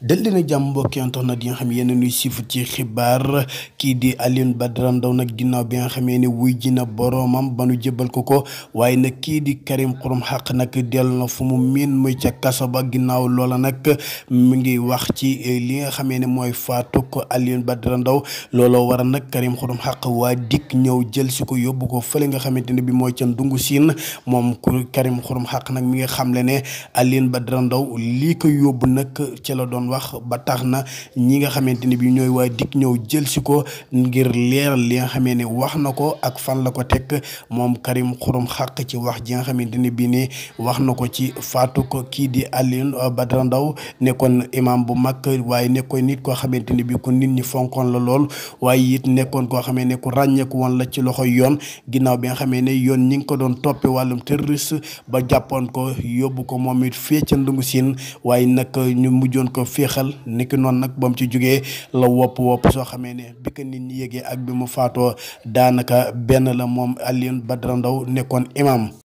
dal dina jàmm mbokki internet yi nga xam yéen a siif ci xibaar kii di ba Badara ndaw nag ginnaaw bi nga xamee ne wuy ji na boroomam ba nu jëbal ko ko waaye nag kii di Karim Xurum Xaq nag dellu na fu mu miin muy ca kaso ba ginnaaw loola nag mu ngi wax ci eh, li nga xamee ne mooy faatu ko Alioune Badara Ndao looloo war a nag Karim Xurum Xaq waa dikk ñëw jël si ko yóbbu ko fële nga xamante ne bi mooy ca ndungu siin moom ku Karim Xurum Xaq nag mi nga xam le ne Alioune Badara Ndao lii ko yóbbu nag ca la doon doon wax ba tax na ñi nga xamante ni bi ñooy waa dikk ñëw jël si ko ngir leeral li nga xamee ne wax na ko ak fan la ko teg moom Karim Xurum Xaq ci wax ji nga xamante ni bi ni wax na ko ci faatu ko kii di Alioune Badara ndaw nekkoon imam bu mag waaye nekkoon nit koo xamante ni bi ku nit ñi fonkoon la lool waaye it nekkoon koo xamee ne ku ràññeeku woon la ci loxo yoon ginnaaw bi nga xamee ne yoon ñi ngi ko doon toppe wàllum terroriste ba jàppoon ko yóbbu ko moom it fee ca ndungu ko féexal niki noonu nag ba ci jógee la wopp wopp soo xamee ne bi ko nit ñi yëgee ak bi mu faatoo daanaka benn la moom Alioune Badara ndaw nekkoon imam